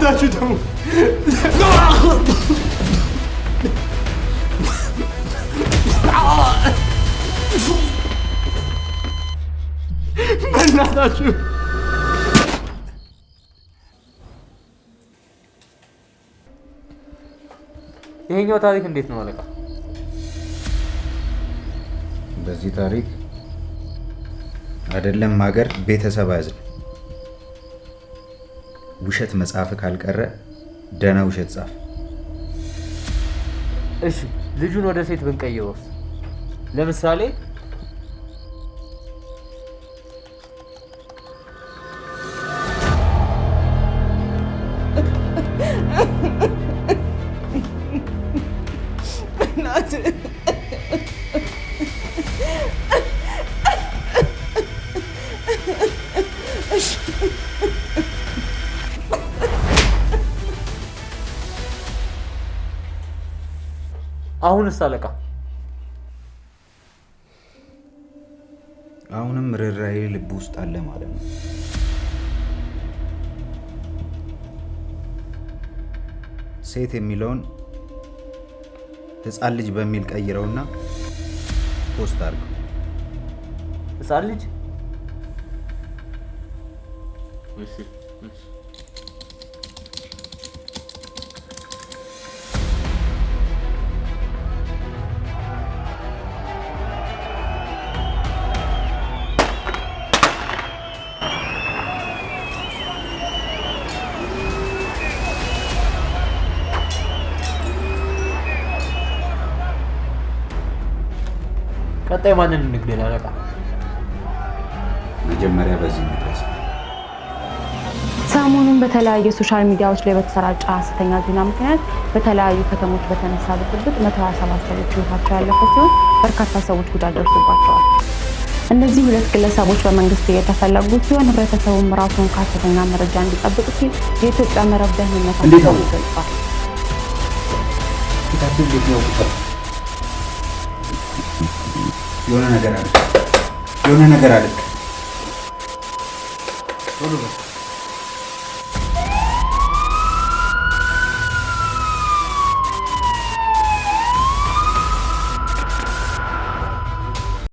መታችሁ ደግሞ በእናታችሁ ይሄኛው ታሪክ እንዴት ነው አለቃ? በዚህ ታሪክ አይደለም ሀገር ቤተሰብ አያዝንም። ውሸት መጽሐፍ ካልቀረ ደህና ውሸት ጻፍ። እሺ ልጁን ወደ ሴት ብንቀይረውስ? ለምሳሌ አሁንስ አለቃ? አሁንም ርራይ ልብ ውስጥ አለ ማለት ነው። ሴት የሚለውን ህፃን ልጅ በሚል ቀይረውና ፖስት አድርገው። ህፃን ልጅ ቀጣይ ማንን እንግደል አለቃ? መጀመሪያ በዚህ መድረስ ሰሞኑን በተለያዩ ሶሻል ሚዲያዎች ላይ በተሰራጨ ሀሰተኛ ዜና ምክንያት በተለያዩ ከተሞች በተነሳ ብጥብጥ 127 ሰዎች ህይወታቸው ያለፈ ሲሆን በርካታ ሰዎች ጉዳት ደርሶባቸዋል። እነዚህ ሁለት ግለሰቦች በመንግስት እየተፈለጉ ሲሆን ህብረተሰቡም ራሱን ከሀሰተኛ መረጃ እንዲጠብቅ ሲል የኢትዮጵያ መረብ ደህንነት ገልጿል። የሆነ ነገር አለ፣ የሆነ ነገር አለ።